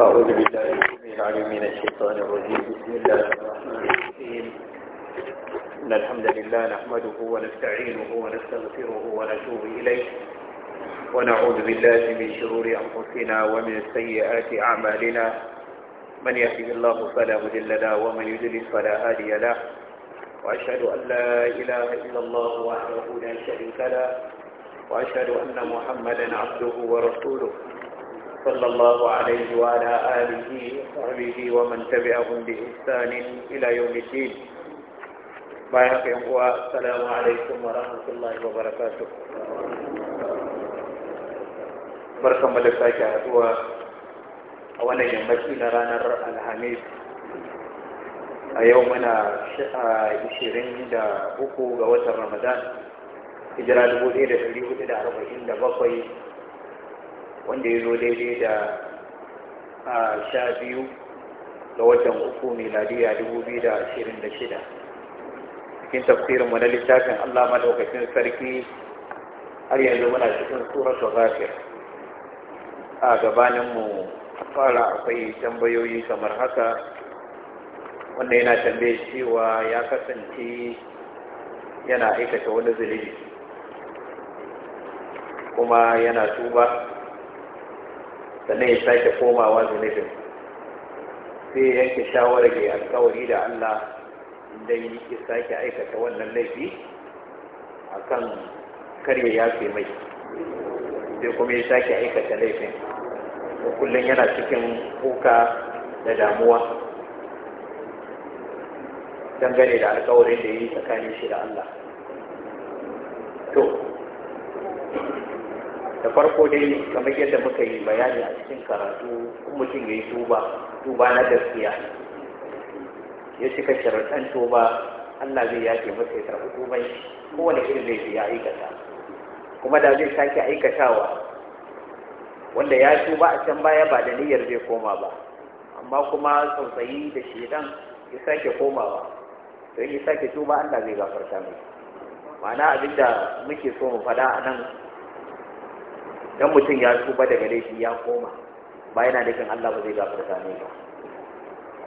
أعوذ بالله العليم من الشيطان الرجيم بسم الله الرحمن الرحيم إن الحمد لله نحمده ونستعينه ونستغفره ونتوب إليه ونعوذ بالله من شرور أنفسنا ومن سيئات أعمالنا من يهده الله فلا مضل له ومن يضلل فلا هادي له وأشهد أن لا إله إلا الله وحده لا شريك له وأشهد أن محمدا عبده ورسوله صلى الله عليه وعلى آله وصحبه ومن تبعهم بإحسان إلى يوم الدين بايعك السلام عليكم ورحمة الله وبركاته barkan mu da sake haduwa a wannan yammaci na ranar alhamis a yau muna uku ga watan ramadan hijira bakwai. wanda ya zo daidai da sha biyu ga watan uku miladiya dubu biyu da ashirin da shida cikin tafsirinmu na littafin allah madaukakin sarki har yanzu muna cikin suratul ghafir a gabaninmu fara akwai tambayoyi kamar haka wanda yana tambaye cewa ya kasance yana aikata wani zulubi kuma yana tuba sannan ya sake komawa zunubin sai yanke shawarar ya alkawari da Allah idan yake sake aikata wannan laifi akan ya fi mai sai kuma ya sake aikata laifin kullum yana cikin kuka da damuwa dangane da alkawarin da ya yi tsakanin shi da Allah da farko dai kamar yadda muka yi bayani a cikin karatu kun mutum ya yi tuba tuba na gaskiya ya cika sharaɗan tuba Allah zai yake masa ya karɓi tuban shi kowane irin laifi ya aikata kuma da zai sake aikatawa wanda ya tuba a can baya ba da niyyar zai koma ba amma kuma tsautsayi da shedan ya sake komawa to in ya sake tuba Allah zai gafarta mai ma'ana abinda muke so mu faɗa a nan dan mutum ya tuba daga laifi ya koma ba yana nufin Allah ba zai gafarta ne ba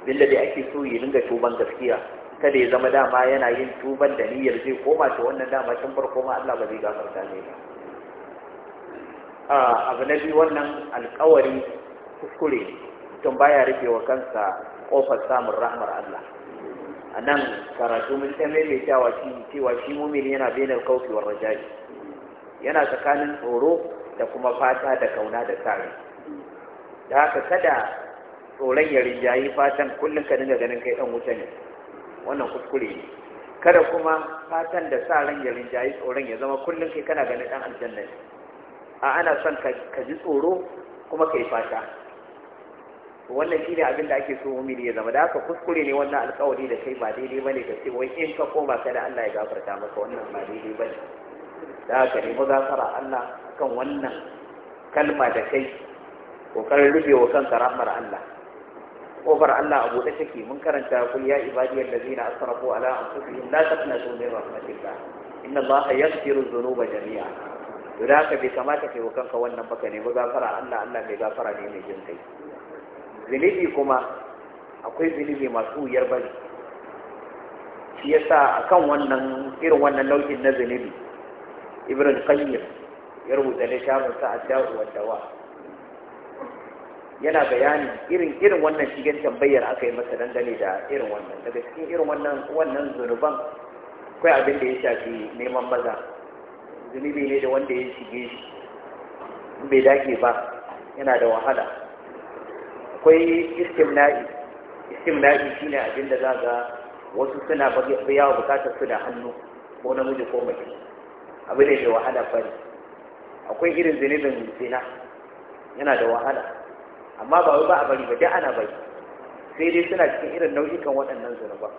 billa da ake so ya dinga tuban gaskiya kada ya zama dama yana yin tuban da niyyar zai koma to wannan dama tun farko ma Allah ba zai gafarta ne ba abu na biyu wannan alkawari kuskure mutum baya rufe wa kansa kofar samun rahmar Allah a nan karatu mun ta mai cewa shi cewa shi mumin yana bainar kaufi wa rajaji yana tsakanin tsoro da kuma fata da kauna da kare da haka kada tsoron ya rinjayi fatan kullum ka dinga ganin kai ɗan wuta ne wannan kuskure ne kada kuma fatan da sa ran ya rinjayi tsoron ya zama kullum kai kana ganin ɗan aljanna ne a ana son ka ji tsoro kuma ka yi fata wannan shi ne abin da ake so mumini ya zama da haka kuskure ne wannan alkawari da kai ba daidai ba ne ka ce wai in ka koma kada Allah ya gafarta maka wannan ba daidai ba ne da haka nemi gafara Allah kan wannan kalma da kai Ƙoƙarin rufe wa kan karamar Allah Ƙofar Allah abu buɗe take mun karanta kul ya ibadiyal ladina asrafu ala anfusihim la taqnatu min rahmatillah inna Allah yaghfiru dhunuba jami'a to da haka bai kamata kai wa kanka wannan baka nemi gafara Allah Allah mai gafara ne mai jin kai zunubi kuma akwai zunubi masu wuyar bari shi yasa akan wannan irin wannan nau'in na zunubi ibn kanyar ya rubuta shafin sa a dau wa dawa yana bayani irin irin wannan shigen tambayar aka yi masa dangane da irin wannan daga cikin irin wannan wannan zunuban akwai abin da ya shafi neman maza zunubi ne da wanda ya shige shi bai dage ba yana da wahala akwai istimna'i istimna'i shine abin da za ga wasu suna wa bukatar su da hannu ko namiji ko mace abu ne mai wahala ne? akwai irin zinibin zina yana da wahala amma ba wai ba a bari ba dai ana bari sai dai suna cikin irin nau'ikan waɗannan zunuba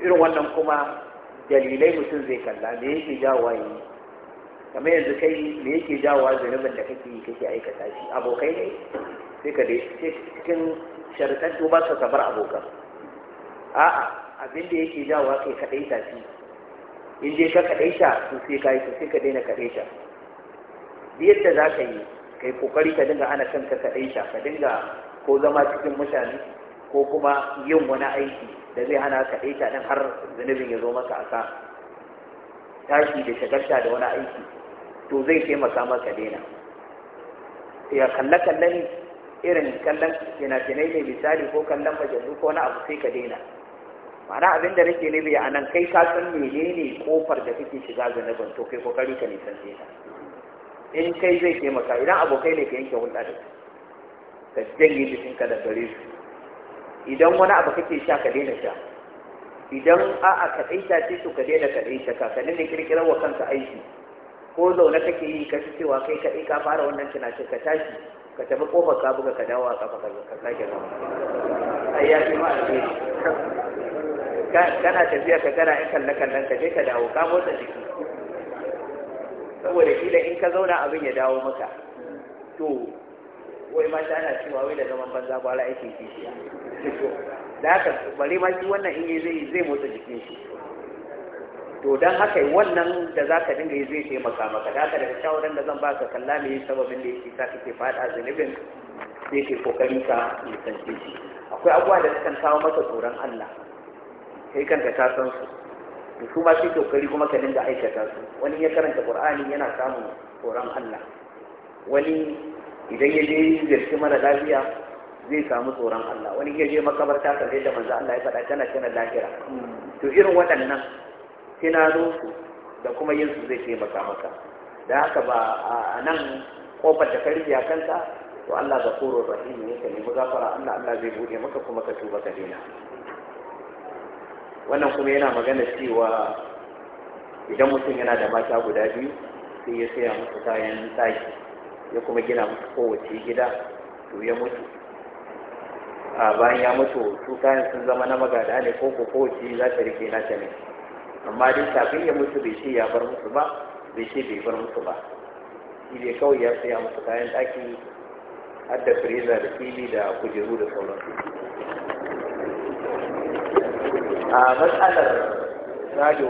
irin wannan kuma dalilai mutum zai kalla me yake jawowa yi kamar yanzu kai me yake jawowa zunubin da kake yi kake aikata shi abokai ne sai ka dai cikin sharaɗan ba sa samar abokan a'a abin da yake jawowa kai kaɗai shi in je ka kaɗai sha to sai ka yi sai ka daina kaɗai sha yadda za ka yi ka yi ƙoƙari ka dinga ana kanka kaɗai sha ka dinga ko zama cikin mutane ko kuma yin wani aiki da zai hana kaɗai sha ɗin har zunubin ya zo maka a tashi da shagarta da wani aiki to zai taimaka maka daina ya kalle-kalle irin kallon fina-finai ne misali ko kallon majalu ko wani abu sai ka daina ma'ana abin da nake nufi a nan kai ka san menene kofar da kake shiga zanubin to kai kokari ka nisan ta in kai zai taimaka idan abokai ne ka yanke hulɗa da ka janye jikinka da gare su idan wani abu kake sha ka daina sha idan a'a ka ɗaita ce to ka daina ka ɗaita ka ka daina kirkirar wa kanka aiki ko zaune kake yi ka ci cewa kai kaɗai ka fara wannan tunashin ka tashi ka tafi kofar ka buga ka dawo a kafa ka sake zama ai ya fi ma alheri kana tafiya ka gana in kalle kallon ka je ka dawo ka motsa jiki saboda kila in ka zauna abin ya dawo maka to wai ma ta ana cewa wai da zaman banza gwara aiki kishiya da haka bari ma shi wannan in yi zai motsa jikin shi to don haka wannan da za ka dinga yi zai taimaka maka da haka daga shawaran da zan ba ka kalla ne sababin da yake sa kake fada zunubin da ke kokari ka nisanci shi akwai abubuwa da sukan kawo maka tsoron Allah kai kanka ta san su to su ma sai kokari kuma ka dinga aikata su wani ya karanta qur'ani yana samun tsoron Allah wani idan ya je zirki mara lafiya zai samu tsoron Allah wani ya je makabarta kaje da manzo Allah ya faɗa tana tana lafiya to irin waɗannan zo su da kuma yin su zai taimaka maka da haka ba a nan kofar da ka rufe a kanka to Allah ghafurur rahimi ne ka nemi gafara Allah Allah zai bude maka kuma ka tuba ka daina wannan kuma yana magana cewa idan mutum yana da mata guda biyu sai ya saya musu kayan ɗaki ya kuma gina musu kowace gida to ya mutu a bayan ya mutu su kayan sun zama na magada ne ko ko kowace za ta rike na ta ne amma dai kafin ya mutu bai ce ya bar musu ba bai ce bai bar musu ba shi ne kawai ya saya musu kayan tsaki har da firiza da fili da kujeru da sauransu a matsalar gado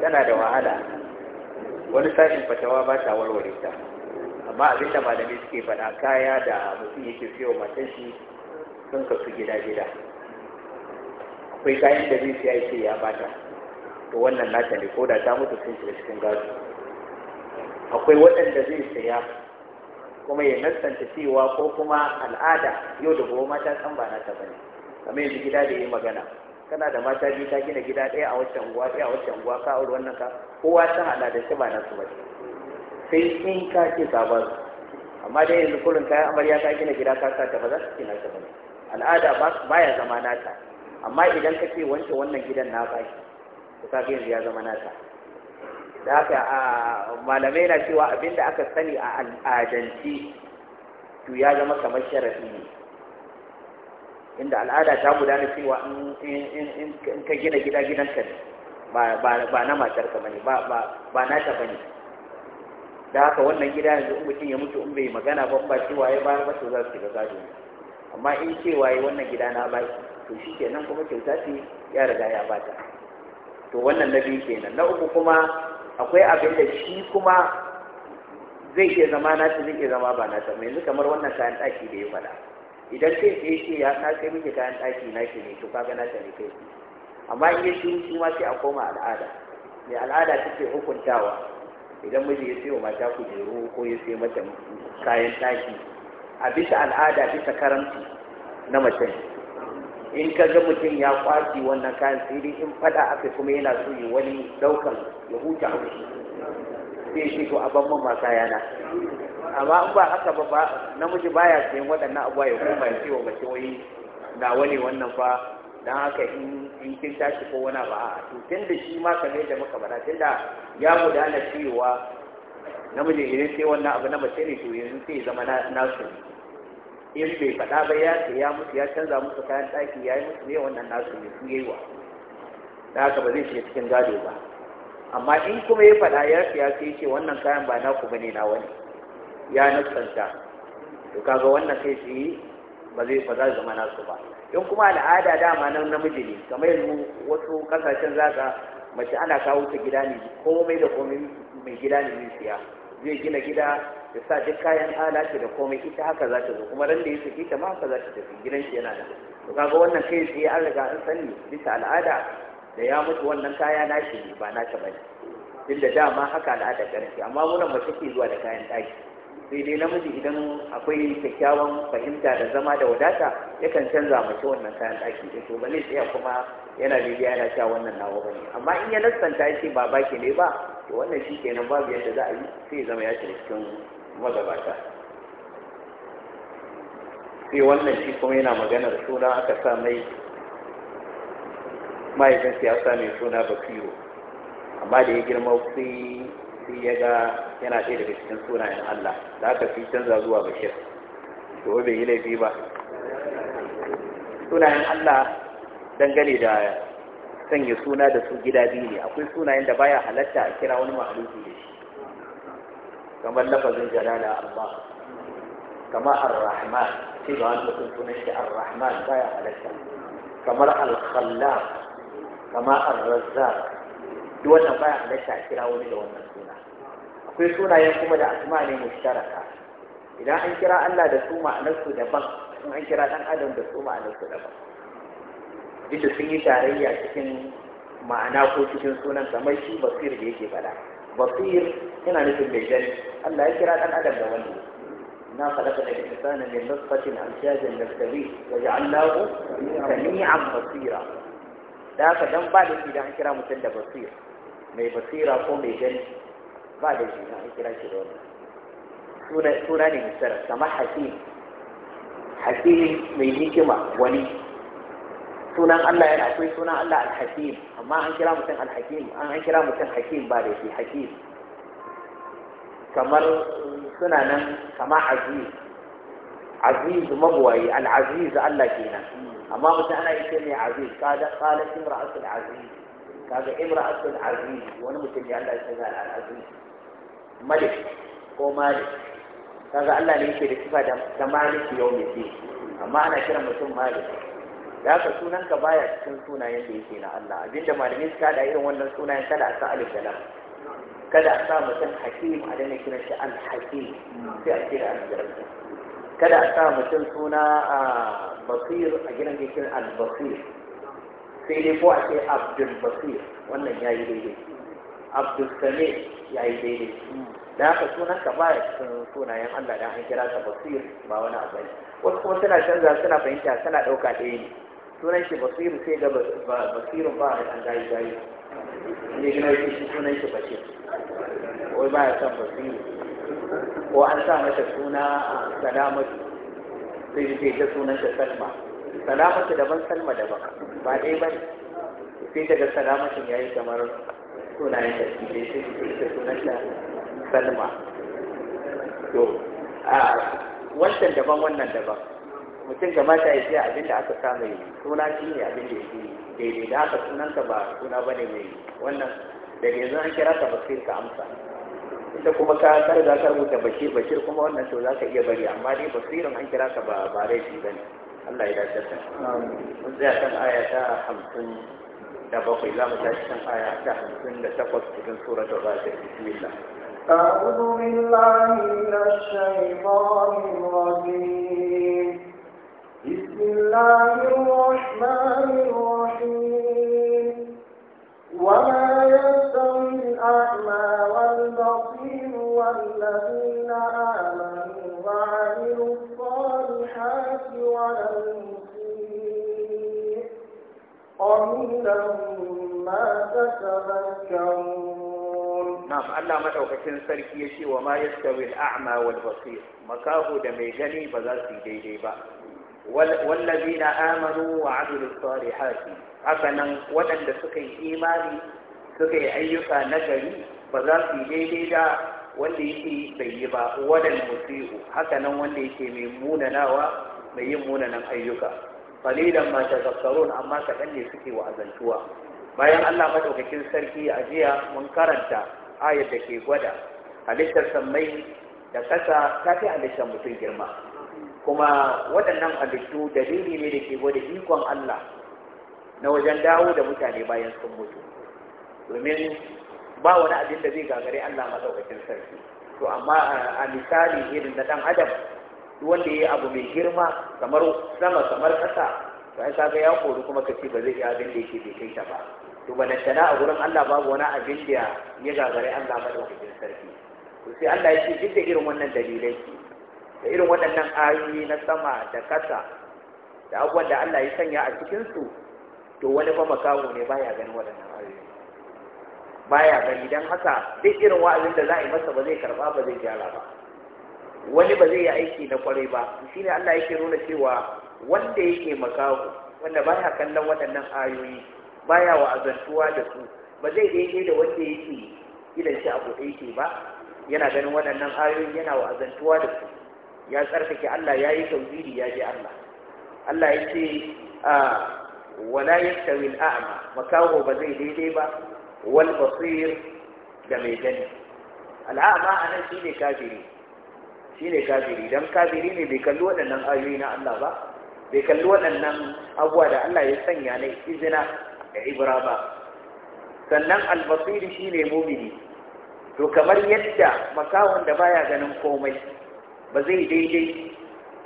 tana da wahala wani sashin fatawa ba ta warware ta amma abin da malamai suke faɗa kaya da mutum yake siyo matan shi sun kasu gida-gida akwai kayan da zai siya yake ya bata to wannan nata ne ko da ta mutu sun shiga cikin gado akwai waɗanda zai siya kuma ya nassanta cewa ko kuma al'ada yau da goma ta san ba nata bane kamar yanzu gida da yi magana kana da mata biyu ka gina gida ɗaya a wacce unguwa ɗaya a wacce unguwa ka auri wannan ka kowa ta hada da shi ba na su ba sai in ka ce ka ba amma dai yanzu kullum kayan amarya ka gina gida ka sa ta ba za su ce na ta ba al'ada ba ya zama nata amma idan ka ce wancan wannan gidan na ba shi to ka ga yanzu ya zama nata da haka malamai na cewa abinda aka sani a al'adanci to ya zama kamar sharafi ne inda al'ada ta gudana cewa in ka gina gida gidanka ne ba na matarka ba ne ba nata ba ne da haka wannan gida yanzu in mutum ya mutu in bai magana ba ba cewa ya bayar ba su za su shiga gado amma in cewa ya wannan gida na ba to shi ke nan kuma kyauta ce ya riga ya bata to wannan na biyu kenan na uku kuma akwai abin da shi kuma zai ke zama nata zai ke zama ba nata yanzu kamar wannan kayan ɗaki da ya faɗa idan sai ya ce ya na sai miki kayan ɗaki na shi ne to kaga na ne kai amma in ya shiru shi ma sai a koma al'ada mai al'ada take hukuntawa idan miji ya sayo mata kujeru ko ya sayo mata kayan ɗaki a bisa al'ada bisa karanta na mace in ka ga mutum ya kwaci wannan kayan sai dai in fada aka kuma yana so ya wani ɗaukan ya huta sai shi to a ban man ma kayana amma in ba haka ba namiji baya sayan waɗannan abuwa ya koma ya ciwo wa mace wai na wani wannan fa don haka in kin tashi ko wani ba to tun da shi ma kamar da muka bada tun da ya gudana cewa namiji idan sai wannan abu na mace ne to yanzu sai zama nasu in bai faɗa ba ya ya musu ya canza musu kayan ɗaki ya yi musu ne wannan nasu ne su yi wa da haka ba zai shiga cikin gado ba amma in kuma ya faɗa ya siya sai ce wannan kayan ba naku bane na wani ya nufanta to kaga wannan sai su yi ba zai ba za su zama nasu ba in kuma al'ada dama nan namiji ne kamar yanzu wasu kasashen zaka mace ana kawo ta gida ne komai da komai mai gida ne mai siya zai gina gida ya sa duk kayan alaki da komai ita haka za ta zo kuma ran da ya saki ta ma haka za ta tafi gidan shi yana da to kaga wannan kai sai an riga an sani bisa al'ada da ya mutu wannan kaya nashi ne ba ta bane duk da dama haka al'ada ƙarfi amma munan mace ke zuwa da kayan ɗaki sai dai namiji idan akwai kyakkyawan fahimta da zama da wadata yakan canza mace wannan kayan ɗaki da to bane tsaya kuma yana daidai yana sha wannan nawa bane amma in ya lastanta ya ce ba baki ne ba to wannan shi kenan babu yadda za a yi sai zama ya shiga cikin magabata sai wannan shi kuma yana maganar suna aka sa mai mahaifinsa ya sa mai suna bakiro amma da ya girma sai sai ya ga yana ɗaya daga cikin sunayen Allah da aka fi canza zuwa bashir to bai yi laifi ba sunayen Allah dangane da sanya suna da su gida biyu ne akwai sunayen da baya halatta a kira wani mahaluki da shi kamar lafazin jalala Allah kamar ar-rahman sai da wani mutum sunan shi ar baya halatta kamar al kamar ar-razzaq duk wannan baya halatta a kira wani da wannan akwai sunayen kuma da asma ne mushtaraka idan an kira Allah da su ma'anarsu daban in an kira dan adam da su ma'anarsu daban duka sun yi tarayya cikin ma'ana ko cikin sunan kamar shi basir da yake fada basir yana nufin mai gani Allah ya kira dan adam da wani na khalaqa da insana min nutfatin amshajin nastawi wa ja'alnahu sami'an basira da ka dan ba da idan an kira mutum da basir mai basira ko mai gani ba da shi an kira shi da wannan suna ne misali kamar hakim hakim mai hikima wani sunan Allah yana akwai sunan Allah al-hakim amma an kira mutum al-hakim an kira mutum hakim ba da shi hakim kamar suna nan kama aziz aziz magwayi al-aziz Allah kenan amma mutum ana yi mai aziz kada qalat imra'atul aziz kaga imra'atul aziz wani mutum ya Allah ya sanya al-aziz malik ko malik kaga Allah ne yake da sifa da Malik yau mai ce amma ana kiran mutum malik da sunan sunanka baya cikin sunayen da yake na Allah abinda malamai suka da irin wannan sunayen kada a sa alif da kada a sa mutum hakim a dana kiran shi al hakim sai a kira al jarabta kada a sa mutum suna a basir a gidan da al basir sai dai ko a ce abdul basir wannan yayi daidai abdulsame ya yi daidai da haka sunan ka ba cikin sunayen Allah da an kira ka basir ba wani abu ne wasu kuma suna canza suna fahimta suna ɗauka ɗaya ne sunan shi basir sai ga basirin ba a an gayi gayi ne gina yi shi sunan shi basir wai ba ya san basir ko an sa mata suna salamatu sai ji ta sunan ta salma salamatu daban salma daban ba ɗaya ba ne sai daga Salamatu ya yi kamar sunayen da su ne shi ita sunanta salma to a wancan daban wannan daban mutum ga mata ya siya abinda aka samu yi suna shi ne abin da yake daidai da aka sunanta ba suna ba ne mai wannan da yanzu an kira ka basir ka amsa ita kuma ka kar za ka rubuta bashir bashir kuma wannan to za ka iya bari amma dai basirin an kira ka ba ba laifi ba ne Allah ya dace da mun tsaya kan aya ta hamsin da bakwai za mu tashi kan aya ta hamsin da takwas cikin surat al-Ghafir bismillah أعوذ بالله من الشيطان الرجيم بسم الله الرحمن الرحيم وما يستوي الأعمى والبصير والذين آمنوا وعملوا الصالحات ولهم Nam Allah madaukakin sarki ya ce wa ma ya stawi al'ama wal basir da mai gani ba za su yi daidai ba wallazi na amaru wa abdul salihat haka nan waɗanda suka yi imani suka ayyuka nagari, gari ba za su yi daidai da wanda yake bai yi ba wadal musihu haka nan wanda yake mai munanawa mai yin munanan ayyuka qalilan ma tadhakkarun amma kaɗan ne suke wa'azantuwa bayan Allah madaukakin sarki a jiya mun karanta ayar da ke gwada halittar sammai da kasa ta fi halittar mutum girma kuma waɗannan halittu dalili ne da ke gwada ikon Allah na wajen dawo da mutane bayan sun mutu domin ba wani abin da zai gagare Allah madaukakin sarki to amma a misali irin na ɗan adam wanda ya abu mai girma kamar sama kamar ƙasa to ai kaga ya kori kuma kace ba zai iya abin da yake bai kai ta ba to ba balantana a gurin Allah babu wani abin da ya gagare Allah madaukakin sarki to sai Allah ya ce duk da irin wannan dalilai da irin waɗannan ayoyi na sama da ƙasa da abubuwan da Allah ya sanya a cikin su to wani ba makawo ne baya ganin waɗannan ayoyi baya gani dan haka duk irin wa'azin da za a yi masa ba zai karba ba zai gyara ba wani ba zai yi aiki na kwarai ba shi ne Allah yake nuna cewa wanda yake makaho wanda baya kallon waɗannan ayoyi baya wa azantuwa da su ba zai daidai da wanda yake idan shi abu ɗai yake ba yana ganin waɗannan ayoyi yana wa azantuwa da su ya tsarkake Allah ya yi tauziri ya ji Allah Allah ya ce a wala yastawi al'ama makaho ba zai daidai ba wal basir da mai gani al'ama anan shine kafiri Shi ne kafiri don kafiri ne bai kalli waɗannan ayoyi na Allah ba bai kalli waɗannan abuwa da Allah ya sanya na izina da ibra ba sannan albasiri ne mumini to kamar yadda makawon da baya ganin komai ba zai daidai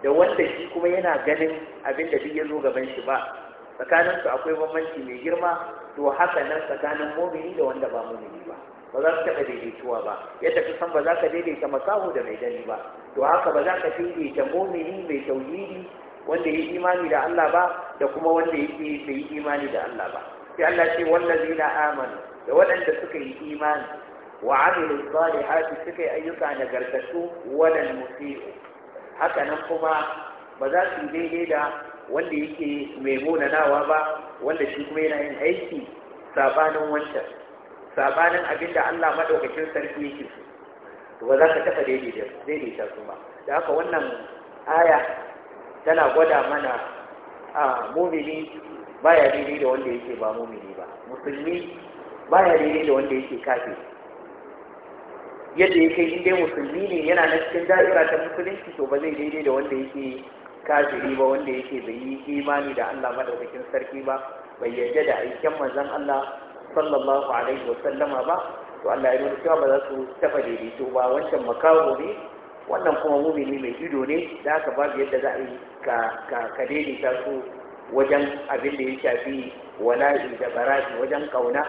da wanda shi kuma yana ganin abin da duk ya zo gaban shi ba tsakaninsu akwai bambanci mai girma to haka nan tsakanin mumini da wanda ba mumini ba ba za su taɓa daidaituwa ba yadda ka san ba za ka daidaita masahu da mai gani ba to haka ba za ka daidaita mumini mai tauhidi wanda ya imani da Allah ba da kuma wanda ya ke yi imani da Allah ba sai Allah ce na amanu da waɗanda suka yi imani wa amilu salihati suka yi ayyuka nagartattu walan musiu haka nan kuma ba za su daidai da wanda yake mai munanawa ba wanda shi kuma yana yin aiki sabanin wancan sabanin abinda Allah madaukakin sarki yake to ba za ka taɓa daidaita su ba da haka wannan aya tana gwada mana a mumini baya daidai da wanda yake ba mumini ba musulmi baya daidai da wanda yake kafe yadda yake inda musulmi ne yana na cikin da'ira ta musulunci to ba zai daidai da wanda yake kafiri ba wanda yake bai yi imani da Allah madaukakin sarki ba bai yarda da aikin manzon Allah sallallahu alaihi wa sallama ba to Allah ya nuna cewa ba za su tafa daidaito ba wancan makawo ne wannan kuma mumini mai ido ne da haka babu yadda za a yi ka daidaita su wajen abin da ya shafi wala'i da baraji wajen kauna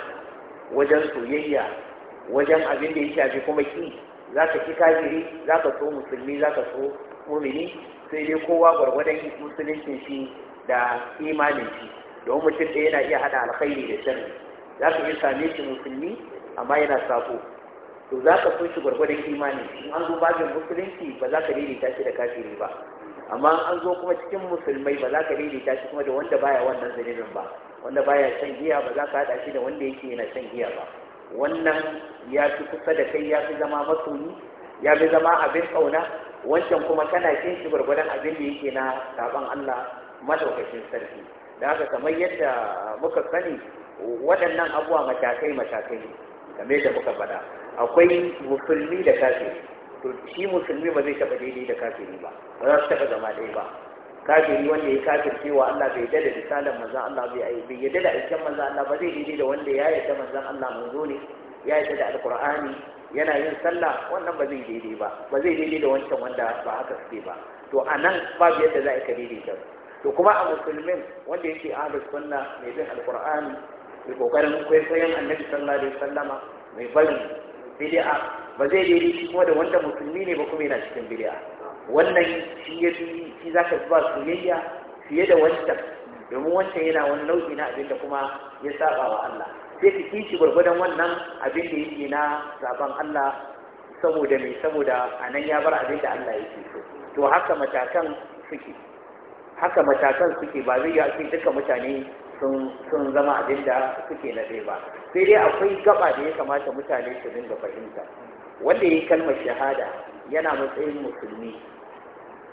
wajen soyayya wajen abin da ya shafi kuma ki za ka ki kafiri za ka so musulmi za ka so mumini sai dai kowa gwargwadon musuluncin shi da imanin shi don mutum ɗaya yana iya haɗa alkhairi da sharri za ka iya same shi musulmi amma yana sabo to za ka sun shi gwargwadon imani in an zo bajin musulunci ba za ka daidaita shi da kafiri ba amma an zo kuma cikin musulmai ba za ka daidaita shi kuma da wanda baya wannan zanibin ba wanda baya shan giya ba za ka haɗa shi da wanda yake yana shan giya ba wannan ya fi kusa da kai ya fi zama masoyi ya fi zama abin ƙauna wancan kuma kana kin shi gwargwadon abin da yake na saban Allah madaukakin sarki da haka kamar yadda muka sani waɗannan abuwa matakai matakai game da muka faɗa akwai musulmi da kafiri to shi musulmi ba zai taɓa daidai da kafiri ba ba za su taɓa zama ɗaya ba kafiri wanda ya kafir cewa Allah bai yadda da risalar manzan Allah bai ai bai yadda da aikin manzan Allah ba zai daidai da wanda ya yadda manzan Allah manzo ne ya yadda da alqur'ani yana yin sallah wannan ba zai daidai ba ba zai daidai da wancan wanda ba haka suke ba to anan babu yadda za a ka daidai ta to kuma a musulmin wanda yake ahlus sunna mai bin alqur'ani mai kokarin kwaikwayon annabi sallallahu alaihi wasallama mai barin bid'a ba zai daidai kuma da wanda musulmi ne ba kuma yana cikin bid'a wannan shi ya fi shi za ka zuba soyayya fiye da wancan domin wancan yana wani nau'i na abin da kuma ya saba wa Allah sai ka kishi gwargwadon wannan abin da yake na saban Allah saboda mai saboda a nan ya bar abin da Allah yake so to haka matakan suke haka matakan suke ba zai yi a cikin dukkan mutane sun zama abin da suke na ɗaya ba sai dai akwai gaba da ya kamata mutane su dinga fahimta wanda ya yi kalmar shahada yana matsayin musulmi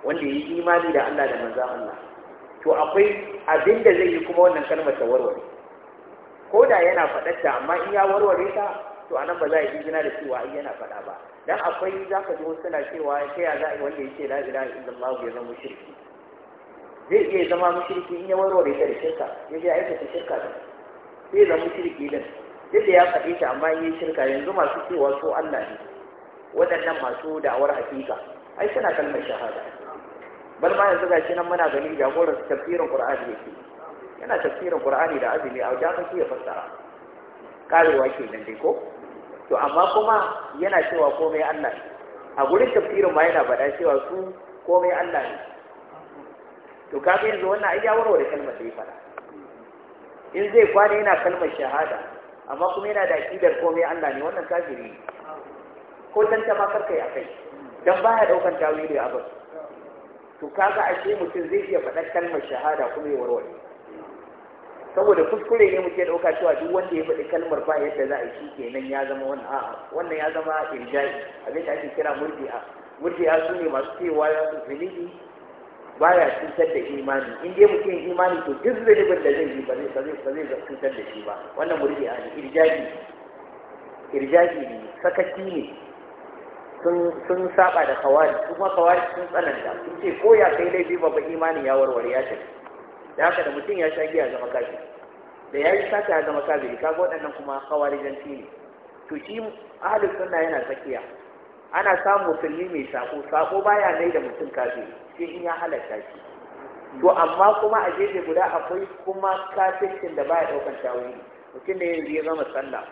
wanda ya yi imani da Allah da manzan Allah to akwai abin da zai yi kuma wannan kalmar ta warware ko da yana faɗarta amma in ya warware ta to anan ba za a yi jina da cewa ai yana faɗa ba dan akwai za ka ji suna cewa sai ya za a yi wanda ya ce la ilaha illallah ya zama shirki zai iya zama mushriki in ya warware ta da shirka ya je aikata shirka da zai zama mushriki din duk da ya faɗi ta amma yi shirka yanzu masu cewa su Allah ne waɗannan masu da'awar hakika ai suna kalmar shahada bal ma yanzu gashi nan muna gani jagoran tafsirin Qur'ani yake yana tafsirin Qur'ani da azumi a wajen shi ya fassara karewa ke nan dai ko to amma kuma yana cewa komai Allah ne a gurin tafsirin ma yana faɗa cewa su komai Allah ne to kaga yanzu wannan ai ya warware kalmar da ya fara in zai kwana yana kalmar shahada amma kuma yana da akidar komai Allah ne wannan kafiri ko tantama karkai kai dan baya daukan tawili a bas to kaga ashe mutum zai iya faɗar kalmar shahada kuma ya warware saboda kuskure ne muke dauka cewa duk wanda ya faɗi kalmar ba yadda za a shi kenan ya zama wannan a'a wannan ya zama irjai abin da ake kira murji'a murji'a su ne masu cewa zunubi baya cutar da imani in dai mutum imani to duk zunubin da zai yi ba zai ba zai zai cutar da shi ba wannan murji a irjaji irjaji ne sakaci ne sun sun saba da kawari kuma kawari sun tsananta sun ce ko ya kai laifi babba imani ya warware ya tafi da haka da mutum ya sha giya zama kafi da ya yi sata ya zama kafiri kaga waɗannan kuma kawari janci ne to shi ahalin sunna yana tsakiya ana samun musulmi mai sako sako baya mai da mutum kafi sai in ya halatta shi to amma kuma a gefe guda akwai kuma kafircin da baya daukan tawili mutum da yanzu ya zama sallah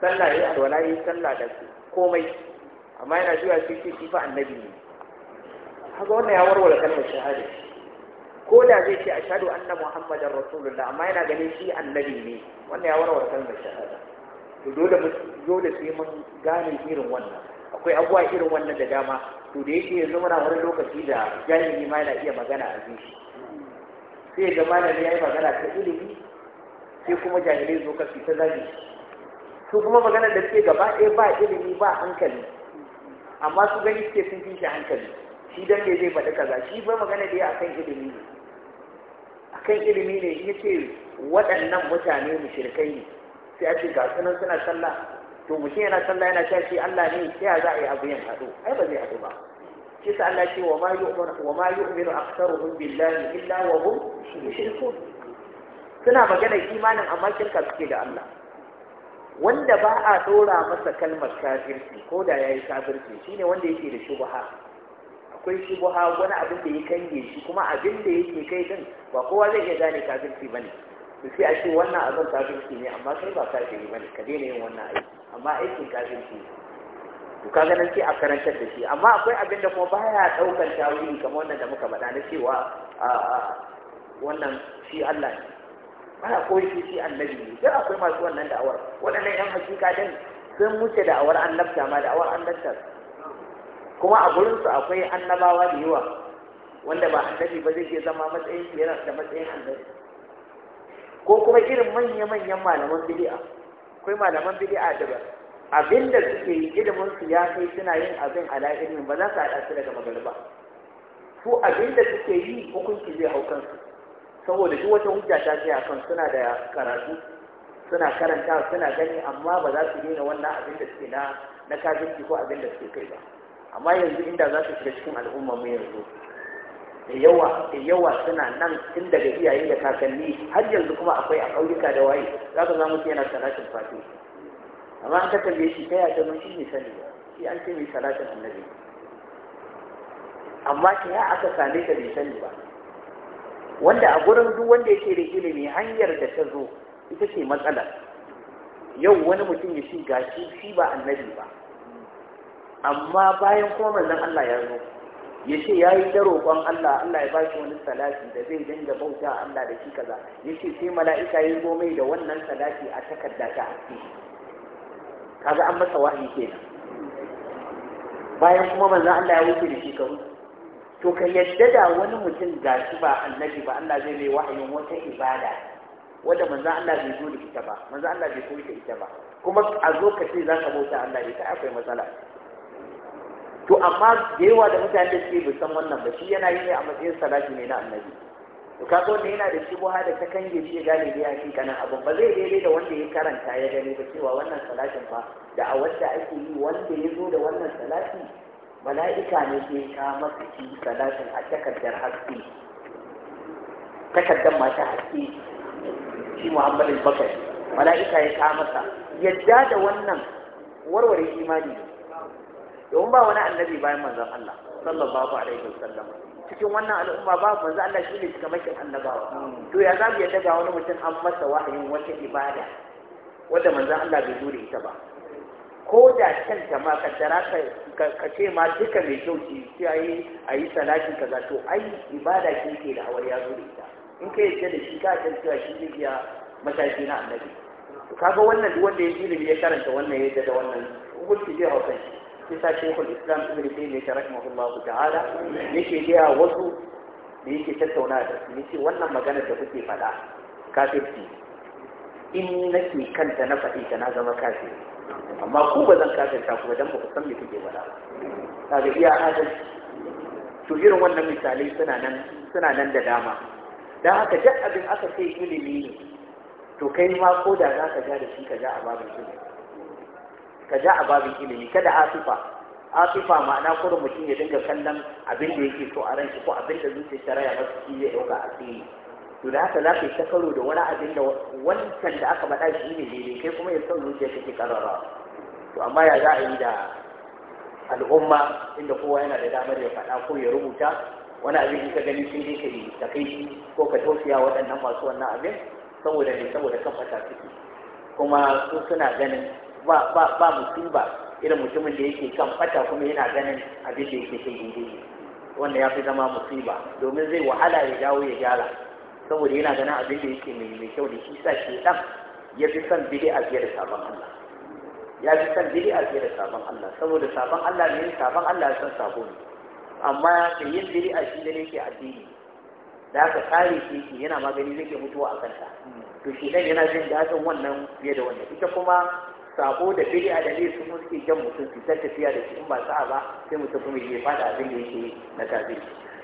sallah yi alwala yi sallah da su. komai amma yana zuwa sai ce shi fa annabi ne haka wannan ya warware kalmar shahada ko da zai ce ashhadu anna muhammadar rasulullah amma yana ganin shi annabi ne wannan ya warware kalmar shahada to dole dole sai mun gane irin wannan akwai abuwa irin wannan da dama to da yake yanzu muna wani lokaci da jami'i ma yana iya magana a jin shi sai ga malami ya yi magana ta ilimi sai kuma jahilai zo kafi ta zagi su kuma magana da suke gaba ɗaya ba ilimi ba hankali amma su gani suke sun fi shi hankali shi dan ne zai faɗi kaza shi ba magana da ya akan ilimi ne akan ilimi ne yace waɗannan mutane mushrikai ne sai a ce ga sunan suna sallah to shi yana sallah yana cewa shi Allah ne ya za a yi abu yin hadu ai ba zai hadu ba shi sa Allah ce wa ma yu'minu wa ma yu'minu aktharuhum billahi illa wa hum mushrikun suna magana imanin amma shirka suke da Allah wanda ba a dora masa kalmar kafirci ko da yayi kafirci shine wanda yake da shubha akwai shubha wani abin da ya kange shi kuma abin da yake kai din ba kowa zai iya gane kafirci bane sai a ce wannan abin kafirci ne amma kai ba kafirci bane ka daina yin wannan aiki amma aikin kafin kafirci to ka nan sai a karantar da shi amma akwai abin da kuma baya daukar tawili kamar wannan da muka faɗa na cewa a wannan shi Allah ne Ba a koyi shi annabi ne duk akwai masu wannan da'awar waɗannan yan hakika din sun wuce da'awar annabta ma da'awar annabta kuma a gurin su akwai annabawa da yawa wanda ba annabi ba zai iya zama matsayin yana da matsayin annabi ko kuma irin manya-manyan malaman bid'a akwai malaman bid'a da ba abinda suke yi ilimin su ya kai suna yin abin ala ilmin ba za su haɗa su daga magariba su abinda suke yi hukunci zai hau kansu saboda duk wata hujja ta ce akan suna da karatu suna karanta suna gani amma ba za su daina wannan abin da suke na na kafinci ko abin da suke kai ba amma yanzu inda za su shiga cikin al'umma mu yanzu da yawa da yawa suna nan tun daga iyaye da kakanni har yanzu kuma akwai a ƙauyuka da waye za ka zama yana salatin fati amma an ka tambaye shi ta a mun shi ne sani ba shi an ce mai salatin annabi amma ta ya aka same ta bai sani ba wanda a gurin duk wanda yake da ilimi hanyar da ta zo ita ce matsalar yau wani mutum ya shi gashi shi ba annabi ba amma bayan kuma manzon Allah ya zo ya ce ya yi ta roƙon Allah Allah ya ba shi wani salati da zai dinga bauta Allah da shi kaza ya ce sai mala'ika ya zo mai da wannan salati a takarda ta haske kaga an masa wahayi kenan bayan kuma manzon Allah ya wuce da shekaru to ka yadda da wani mutum ga shi ba annabi ba Allah zai mai wahayin wata ibada wanda manzon Allah bai zo da ita ba manzon Allah bai koyi da ita ba kuma a zo ka ce za ka bauta Allah da ita akwai matsala to amma da yawa da mutane da suke san wannan ba shi yana yi ne a matsayin salati ne na annabi to ga wannan yana da shi, buha da ta kange shi ya gane da yaki kanan abin ba zai daidai da wanda ya karanta ya gani ba cewa wannan salatin fa da a wanda ake yi wanda ya zo da wannan salati mala'ika ne ke ka masa shi salatin a takardar haske takardar mata haske shi muhammadin bakari mala'ika ya ka masa yadda da wannan warware imani ne domin ba wani annabi bayan manzan Allah sallallahu alaihi wasallam cikin wannan al'umma ba manzan Allah shine cikamakin annabawa to ya zamu yadda ga wani mutum an masa wahayin wata ibada wanda manzan Allah bai dore ita ba ko da can ma ka tara ka ce ma duka mai kyau ki sai ayi ayi salatin kaza to ai ibada kin ke da hawar ya dore ita in ka yadda da shi ka san cewa shi ne mataki na annabi kaga wannan duk wanda ya ilimi ya karanta wannan ya yadda da wannan hukunci zai hausa shi kisa shekul islam ibn taymiya ya allah ta'ala yake gaya wasu da yake tattauna da su yace wannan maganar da kuke faɗa kafirci in nake kanta na faɗi ta na zama kafiri amma ku ba zan kafirta ku ba dan ba ku san me kuke faɗa ba ga iya adalci to irin wannan misalai suna nan suna nan da dama dan haka duk abin aka ce ilimi ne to kai ma ko da za ka ja da shi ka ja a babin ilimi ka ja a babin ilimi kada asifa asifa ma'ana kuma mutum ya dinga kallon abin da yake so a ranki ko abin da zuci ta masu shi ya dauka asiri to da haka za ka yi takaro da wani abin da wancan da aka faɗa shi ne daidai kai kuma ya son zuciya take karara to amma ya za a yi da al'umma inda kowa yana da damar ya faɗa ko ya rubuta wani abin ka gani sun dai ka yi ta kai shi ko ka tausaya waɗannan masu wannan abin saboda ne saboda kan fata ciki kuma su suna ganin ba ba ba musiba irin mutumin da yake kan fata kuma yana ganin abin da yake kai daidai wannan ya fi zama musiba domin zai wahala ya dawo ya gyara saboda yana ganin abin da yake mai mai kyau da shi sa shi dan ya fi son a fiye da sabon Allah ya fi son a fiye da sabon Allah saboda sabon Allah ne sabon Allah ya san sabo ne amma da yin a shi da yake addini da aka kare shi yana magani zai ke mutuwa a kanta to shi dan yana jin dadin wannan fiye da wannan ita kuma sako da a da ne su suke jan mutum su ta tafiya da su in ba sa'a ba sai mutum kuma ya fada abin da yake na tafi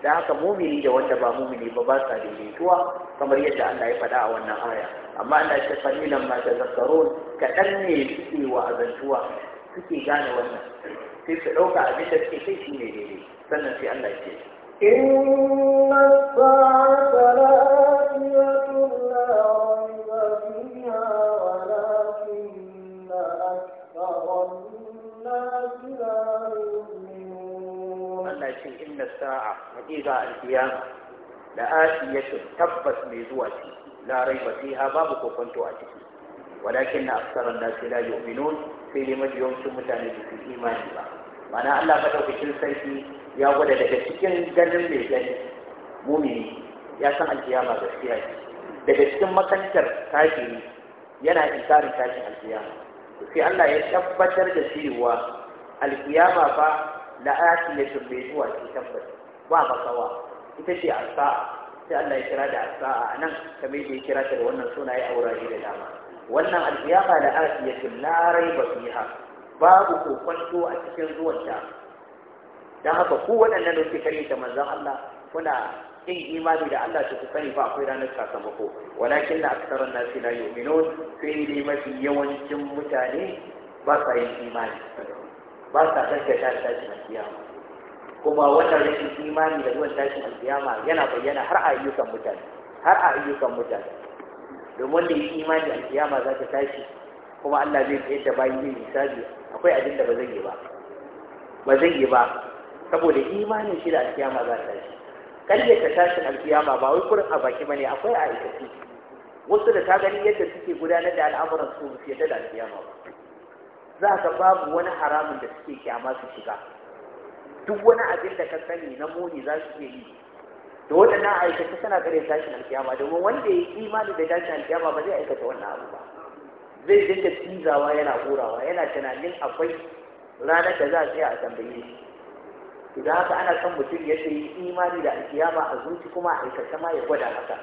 da haka mumini da wanda ba mumini ba ba sa daidaituwa kamar yadda Allah ya fada a wannan aya amma Allah ya fadilan ma tazakkarun kaɗan ne suke wa azantuwa suke gane wannan sai su ɗauka abin da suke kai shi ne daidai sannan sai Allah ya ce إن الساعة لآتية لا ريب فيها ولكن Allah ce inna sa'a haƙiƙa alƙiyama da asiyatu tabbas mai zuwa larai la raiba fiha babu kokonto a ciki walakin na asaran da sai la sai dai majiyoncin mutane da su imani ba mana Allah madaukakin sarki ya gwada daga cikin ganin mai gani mumini ya san alƙiyama gaskiya ce daga cikin makarantar kafiri yana inkarin kafin alƙiyama sai Allah ya tabbatar da cewa alkiyama ba la atiyatun zuwa ki tabbata ba makawa ita ce asa sai Allah ya kira da a nan kamar da ya kira ta da wannan sunaye a wurare da dama wannan alkiyama la atiyatun la raiba fiha babu kokonto a cikin zuwanta dan haka ku waɗannan da suke ta manzon Allah kuna yin imani da Allah ta ku sani ba akwai ranar sakamako walakin da aksaran nasi la yu'minun sai dai mafi yawancin mutane ba sa yin imani ba sa gaskata tashin kiyama kuma wannan rashin imani da zuwan tashin alkiyama yana bayyana har a ayyukan mutane har a ayyukan mutane domin da yi imani alkiyama za ta tashi kuma Allah zai tsaye da bayi zai misali akwai abin da ba zai yi ba ba zai yi ba saboda imanin shi da alkiyama za ta tashi ta tashin alkiyama ba wai kurin a baki bane akwai a aikaci wasu da ta gani yadda suke gudanar da al'amuran su su yadda da alkiyama ba za ka babu wani haramun da suke kyama su shiga duk wani abin da ka sani na muni za su iya yi da waɗannan aikata suna gare tashin alkiyama domin wanda ya yi imani da tashin alkiyama ba zai aikata wannan abu ba zai dinga cizawa yana horawa yana tunanin akwai ranar da za a tsaya a tambaye shi Idan da haka ana son mutum ya sayi imani da alkiyama a zuci kuma a aikata ma ya gwada maka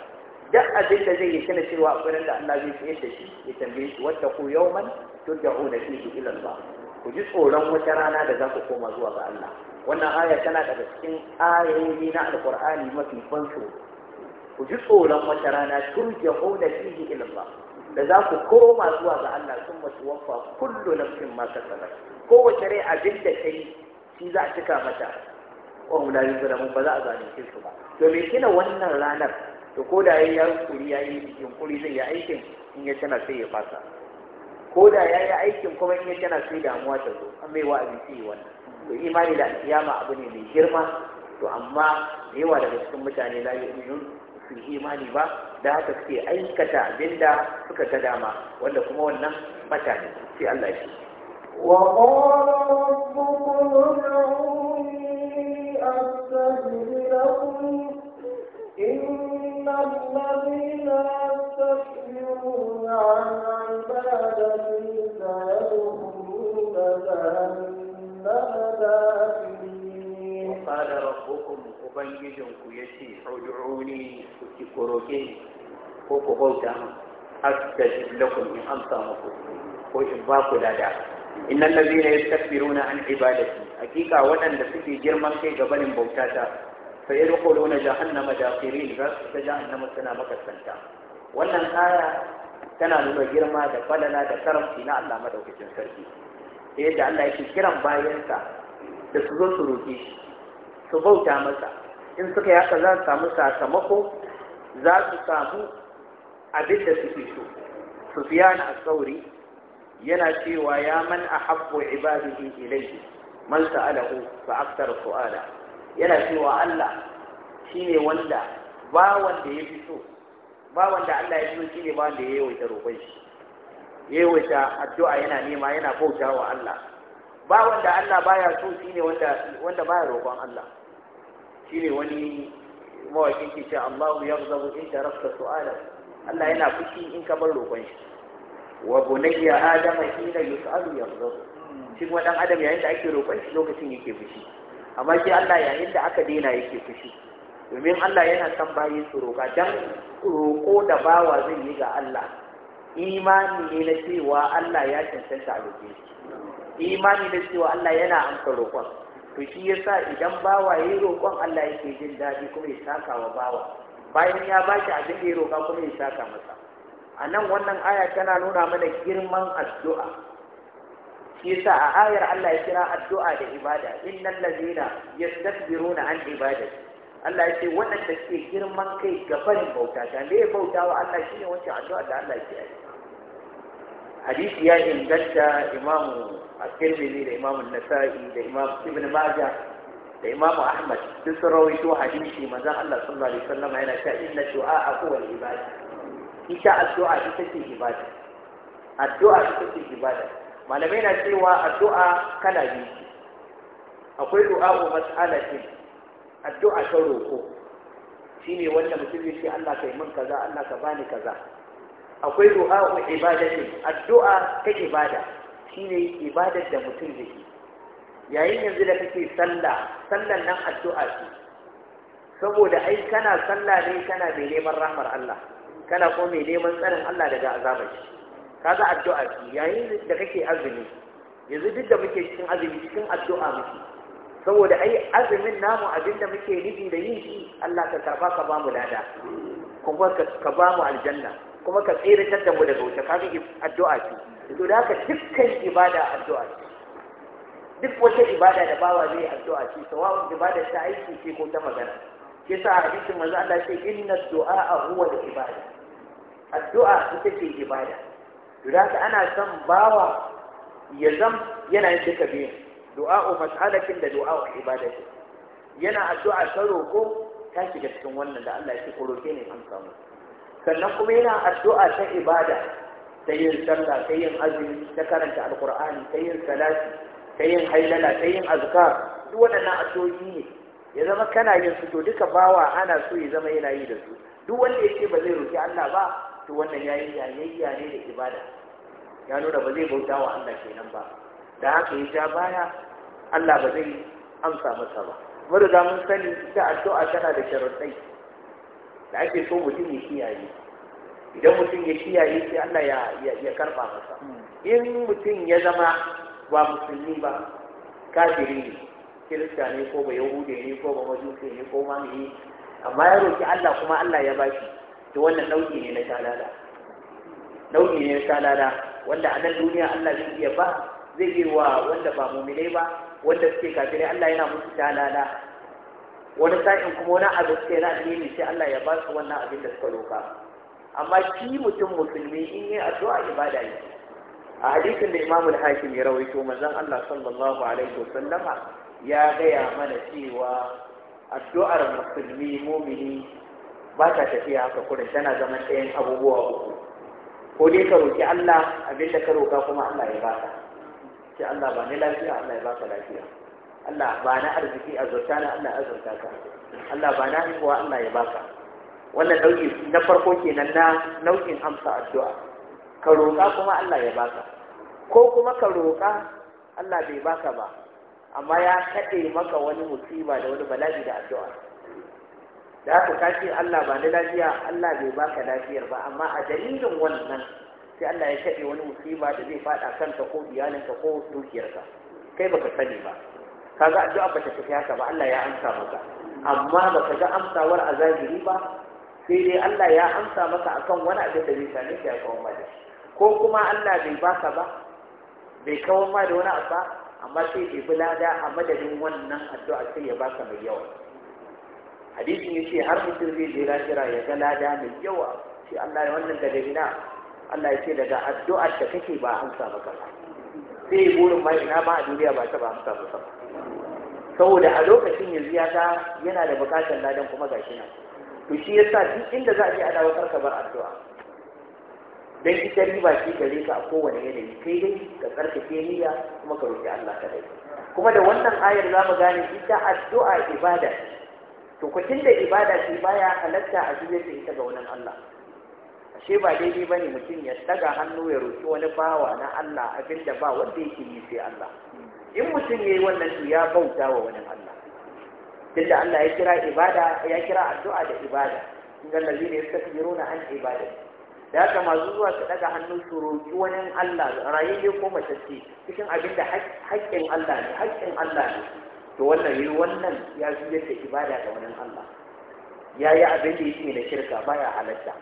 duk abin da zai yi kana cewa a gurin da Allah zai tsaye da shi ya tambaye shi wata ku yawman shi fihi ila Allah ku ji tsoron wata rana da za ku koma zuwa ga Allah wannan aya tana daga cikin ayoyi na alqur'ani mafi ban ku ji tsoron wata rana shi fihi ila Allah da za ku koma zuwa ga Allah sun mutuwa kullu nafsin ma kasabat kowace rai abin da ta yi shi za a cika mata wa mulari da mun ba za a zalunce su ba to me kina wannan ranar to ko da yayi yankuri yayi kuri zai yi aikin in ya tana sai ya fasa ko da yayi aikin kuma in ya tana sai damuwa ta zo an bai wa'azi sai wannan to imani da kiyama abu ne mai girma to amma da yawa daga cikin mutane la yu'minun su imani ba da haka suke aikata abinda suka ga dama wanda kuma wannan ne sai Allah ya وقال ربكم ادعوني أستجب لكم إن الذين يستكبرون عن عبادتي سيدخلون جهنم داخلين وقال ربكم ubangijinku ya ce ud'uni ku koroke ko ku bauta min astajib lakum in amsa muku ko in ba ku lada inna ladhina yastakbiruna an ibadati hakika waɗanda suke girman kai ga barin bautata fa yadkhuluna jahannama dakhirin za ta jahannama suna makasanta wannan aya tana nuna girma da falala da karamci na Allah madaukakin sarki da Allah yake kiran bayansa da su zo su roƙe shi su bauta masa in suka yi haka za su samu sakamako za su samu abin da suke so su fiya yana cewa ya man haɓɓo ibadihi ilaihi man sa'alahu fa aktar su'ala yana cewa Allah shine wanda ba wanda ya fi so ba wanda Allah ya fi so shine ba wanda ya yawaita roƙon shi yawaita addu'a yana nema yana bauta wa Allah ba wanda Allah baya so shine wanda wanda baya roƙon Allah shine wani mawakin ke cewa Allahu yaghzabu in tarakta su'ala Allah yana fushi in ka bar roƙon shi wa bunayya adama hina yus'alu yaghdabu shin kuma dan adam yayin da ake roƙon shi lokacin yake fushi amma shi Allah yayin da aka daina yake fushi domin Allah yana son bayi su roƙa dan roƙo da bawa zai yi ga Allah imani ne na cewa Allah ya cancanta a roƙe imani na cewa Allah yana amsa roƙon to shi yasa idan bawa yayi roƙon Allah yake jin daɗi kuma ya saka wa bawa bayan ya bashi abin da ya roƙa kuma ya saka masa a nan wannan aya tana nuna mana girman addu'a shi yasa a ayar Allah ya kira addu'a da ibada innal ladina yastakbiruna an ibadati Allah ya ce waɗanda ke girman kai ga barin bauta ta me ya bauta wa Allah ne wancan addu'a da Allah ke yi hadisi ya inganta imamu at-Tirmidhi da imamu Nasa'i da imamu Ibn Majah da imamu Ahmad duk sun rawaito hadisi Allah sallallahu alaihi wasallam yana cewa inna du'a huwa al-ibada ita addu'a ita ce ibada addu'a ita ce ibada malamai na cewa addu'a kana biyu akwai du'a mas'alatin addu'a ta roko shine wanda mutum ya ce Allah kai min kaza Allah ka bani kaza akwai du'a ibadatin addu'a ta ibada shine ibadar da mutum zai yayin yanzu da kake sallah sallan nan addu'a ce saboda ai kana sallah ne kana mai neman rahmar Allah kana ko mai neman tsarin Allah daga azabar shi kaga addu'a ki yayin da kake azumi yanzu duk da muke cikin azumi cikin addu'a muke saboda ai azumin namu abinda muke nufi da yin shi Allah ka karba ka ba mu lada kuma ka ba mu aljanna kuma ka tsiratar da mu daga wuta yi addu'a ce yanzu da haka dukkan ibada addu'a ce duk wata ibada da bawa zai addu'a ce sawa'un ibada ta aiki ce ko ta magana a hadisin manzo Allah ce inna du'a huwa al-ibada addu'a ita ce ibada da ana son bawa ya zam yana yin duka biyu o mas'alatin da du'a ibada ibadatin yana addu'a ta roƙo ta shiga cikin wannan da Allah ya ce ko roƙe ne an samu sannan kuma yana addu'a ta ibada ta yin sallah ta yin azumi ta karanta alqur'ani ta yin salati ta yin hailala ta yin azkar duk waɗannan addu'o'i ne ya zama kana yin su to duka bawa ana so ya zama yana yi da su duk wanda yake ba zai roƙi Allah ba to wannan yayi yayayya ne da ibada ya nuna ba zai bauta wa Allah kenan ba da haka ya ja baya Allah ba zai amsa masa ba mun riga mun sani ita addu'a tana da sharuɗai da ake so mutum ya kiyaye idan mutum ya kiyaye sai Allah ya ya karba masa in mutum ya zama ba musulmi ba kafiri ne kirista ne ko ba yahudi ne ko ba majusi ne ko ma ne amma ya roki Allah kuma Allah ya bashi to wannan nau'i ne na shalala nau'i ne na shalala wanda a nan duniya Allah zai iya ba zai yi wa wanda ba mumine ba wanda suke kafirai Allah yana musu shalala wani sa'in kuma wani abu suke na addini sai Allah ya ba su wannan abin da suka roka amma shi mutum musulmi in yi addu'a ibada ne. a hadisin da Imam al-Hakim ya rawaito manzon Allah sallallahu alaihi wasallama ya gaya mana cewa addu'ar musulmi mumini ba ta tafiya haka kurin tana zama tsayin abubuwa uku ko dai ka roƙi Allah abin da ka roƙa kuma Allah ya baka ce Allah ba ni lafiya Allah ya baka lafiya Allah ba na arziki azurta na Allah azurta ka Allah ba na haihuwa Allah ya baka wannan nau'i na farko kenan na nau'in amsa addu'a ka roƙa kuma Allah ya baka ko kuma ka roƙa Allah bai baka ba amma ya kaɗe maka wani musiba da wani bala'i da addu'a da aka kashi Allah ba ni lafiya Allah bai baka lafiyar ba amma a dalilin wannan sai Allah ya kaɗe wani musiba da zai faɗa kanka ko iyalinka ko dukiyarka kai baka sani ba kaga addu'a bata tafi haka ba Allah ya amsa maka amma baka ga amsawar azabiri ba sai dai Allah ya amsa maka akan wani abin da zai sani ka kawo maka ko kuma Allah bai baka ba bai kawo maka da wani abu ba amma sai bai a madadin wannan addu'a sai ya baka mai yawa hadisin ya ce har mutum zai je lahira ya ga lada mai yawa sai Allah ya wannan daga ina Allah ya ce daga addu'ar da kake ba amsa maka ba sai burin ma ina ma a duniya ba ta ba amsa samu ka. saboda a lokacin yanzu ya ga yana da bukatar ladan kuma gashi nan to shi yasa duk inda za a je a dawo karka bar addu'a dan tari riba shi gare ka a kowane yanayi kai dai ka tsarkake niyya kuma ka roki Allah kadai kuma da wannan ayar za mu gane ita addu'a ibada to ku da ibada shi baya halatta a zuwa ta ita ga wannan Allah ashe ba daidai bane mutum ya daga hannu ya roki wani bawa na Allah abinda ba wanda yake yi sai Allah in mutum yayi wannan to ya bauta wa wani Allah tunda Allah ya kira ibada ya kira addu'a da ibada suka ladina yastakbiruna an ibada. da haka masu zuwa su daga hannun su roƙi wani Allah rayayye ko ce cikin abin da haƙƙin Allah ne haƙƙin Allah ne to wannan yi wannan ya juyar da ibada ga wani Allah ya yi abin da yake da shirka baya halatta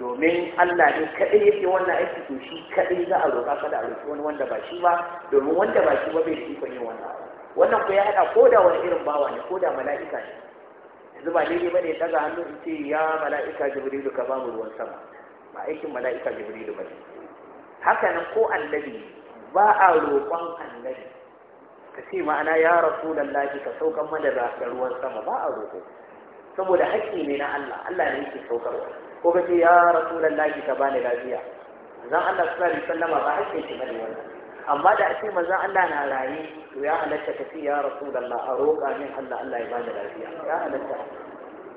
domin Allah ne kaɗai yake wannan aiki to shi kaɗai za a roƙa kada a roƙi wani wanda ba shi ba domin wanda ba shi ba bai da ikon yin wannan wannan ko ya haɗa ko da wani irin bawa ne ko da mala'ika ne yanzu ba daidai ba ne daga hannu in ce ya mala'ika jibrilu ka ba mu ruwan sama ba aikin mala'ika jibrilu ba ne haka nan ko annabi ba a roƙon annabi ka ce ma'ana ya rasu da rasulullahi ka saukan mana da ruwan sama ba a roƙo saboda haƙƙi ne na Allah Allah ne yake saukarwa ko ka ce ya rasu da rasulullahi ka bani lafiya zan Allah sallallahu alaihi wasallama ba haƙƙi shi bane wannan amma da ake manzan Allah na raye to ya halatta ka ce ya rasu rasulullah a roƙa min Allah Allah ya bani lafiya ya halatta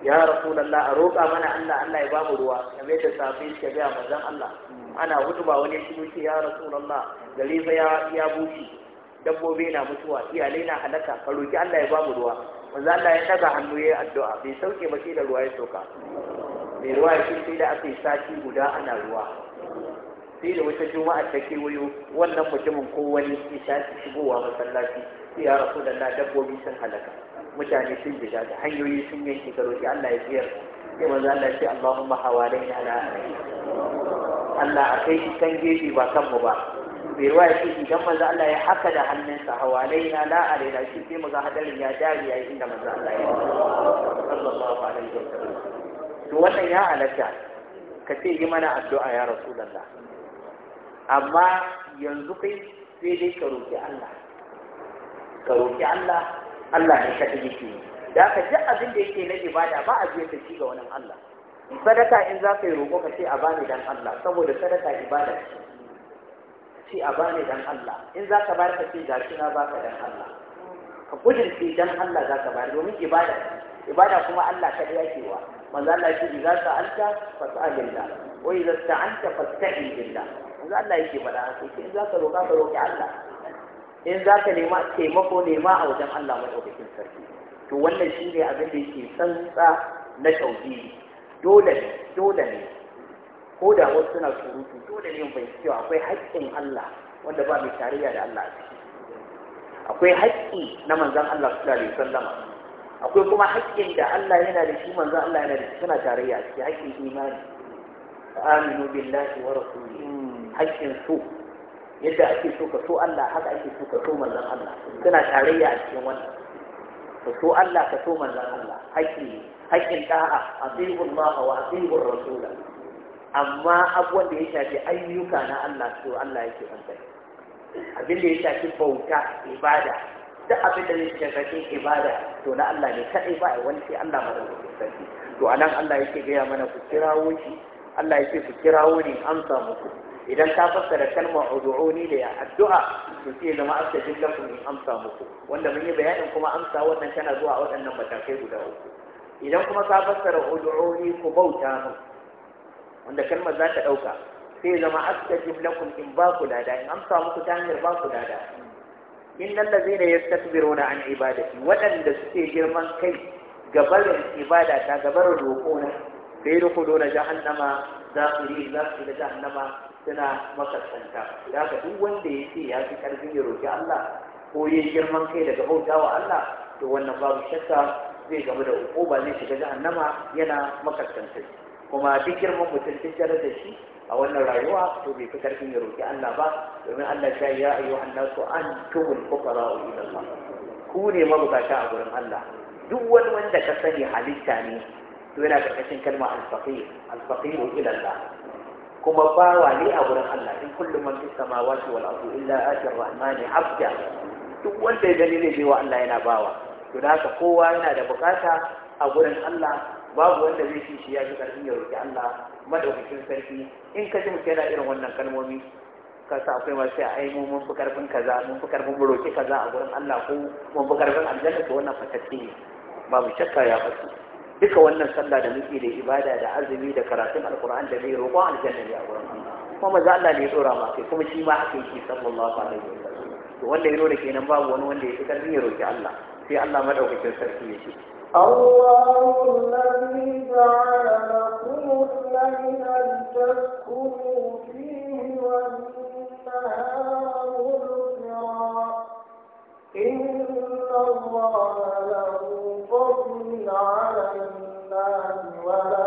ya rasu rasulullah a roƙa mana Allah Allah ya bamu ruwa kamar da safi suka ga manzan Allah ana ba wani shi ya rasulullah gari fa ya ya bushe dabbobi na mutuwa iyalai na halaka ka roki Allah ya bamu ruwa manzo Allah ya daga hannu yayin addu'a bai sauke ba sai da ruwa ya sauka? mai ruwa ya sai da aka yi sati guda ana ruwa sai da wata juma'a ta wayo wannan mutumin ko wani ya sati shigowa masallaci sai ya rasu da na dabbobi sun halaka mutane sun jiga da hanyoyi sun yanke ka roki Allah ya tsayar sai manzo Allah ya ce Allahumma hawalaina ala Allah a kai kan gefe ba kanmu ba mai ruwa ya ce idan manzo Allah ya haka da hannunsa hawalaina la alaina shi sai mu ga hadarin ya dari yayi inda manzo Allah ya yi. sallallahu alaihi wasallam to wannan ya halatta ka ce yi mana addu'a ya rasulullah amma yanzu kai sai dai ka roki Allah ka roki Allah Allah ne ka take shi da ka ji abin da yake na ibada ba a biyan da shi ga wannan Allah sadaka in za ka yi roƙo ka ce a bani dan Allah saboda sadaka ibada ce sai a bani dan Allah in za ka bayar ka ce ga shi na baka dan Allah ka gudunce dan Allah za ka bayar domin ibada ibada kuma Allah da yake wa manzo Allah yake idza sa'alta fas'alillah wa idza sta'anta fasta'in billah manzo Allah yake faɗa sai in za ka roka ka roki Allah in za ka nema taimako nema a wajen Allah madaukakin sarki to wannan shine abin da yake tsantsa na tauhidi dole ne dole ne ko da wasu suna surutu dole ne bai cewa akwai haƙƙin Allah wanda ba mai tarayya da Allah akwai haƙƙi na manzon Allah sallallahu alaihi wasallama akwai kuma haƙƙin da Allah yana da shi manzon Allah yana da shi suna tarayya shi haƙƙin imani aminu billahi wa rasulihi hmm. haƙƙin su yadda ake so ka so Allah haka ake so ka so manzon Allah suna tarayya a cikin wannan ka so Allah ka so manzon Allah haƙƙi haƙƙin da'a asibu Allah wa asibu rasulullah amma abubuwan da ya shafi ayyuka na Allah to Allah yake banta abin da ya shafi bauta ibada duk abin da ya shafi ibada to na Allah ne kadai ba wani sai Allah madaukakin sarki to anan Allah yake gaya mana ku kirawo shi Allah yake ku kirawo ne amsa muku idan ka fassara kalmar ud'uni da ya addu'a to sai zama ku ne an amsa muku wanda mun yi bayanin kuma amsa wannan tana zuwa waɗannan matakai guda uku idan kuma ka fassara ud'uni ku bauta mu wanda kalmar za ta ɗauka sai zama astajib lakum in ba ku lada in amsa muku ta hanyar ba ku lada innal ladzina yastakbiruna an ibadati waɗanda suke girman kai gabarin ibada ta gabarin roƙona sai dukuluna jahannama za su yi za su da jahannama suna makasanta da haka duk wanda ya ce ya fi ƙarfin ya roƙi Allah ko ya girman kai daga bautawa Allah to wannan babu shakka zai gamu da uku ba zai shiga jahannama yana makasanta kuma duk girman mutum duk da shi a wannan rayuwa to bai fi karfin ya roƙi Allah ba domin Allah ya yi ya ayyuhan nasu an tuwul fuqara ila Allah ku ne mabukata a gurin Allah duk wani wanda ka sani halitta ne to yana karkashin kalma al-faqir al-faqir ila Allah kuma bawa ne a gurin Allah in kullum man fi samawati wal ardi illa atir rahmani abda duk wanda ya gani ne wa Allah yana bawa to da haka kowa yana da bukata a gurin Allah babu wanda zai ci shi ya ji karfin ya roƙi Allah madaukakin sarki in ka ji mutum yana irin wannan kalmomi ka sa akwai masu ya ai mun fi karfin kaza mun fi karfin mu roƙi kaza a gurin Allah ko mun fi karfin aljanna to wannan fatacce ne babu shakka ya fasu duka wannan sallah da muke da ibada da azumi da karatun alquran da zai roƙon aljanna ne a gurin Allah kuma maza Allah ne ya tsora ma kai kuma shi ma haka yake sallallahu alaihi wasallam to wanda ya nuna kenan babu wani wanda ya fi karfin ya roƙi Allah sai Allah madaukakin sarki ya ce الله الذي جعل لكم فيه والنهار إن الله له فضل على الناس ولا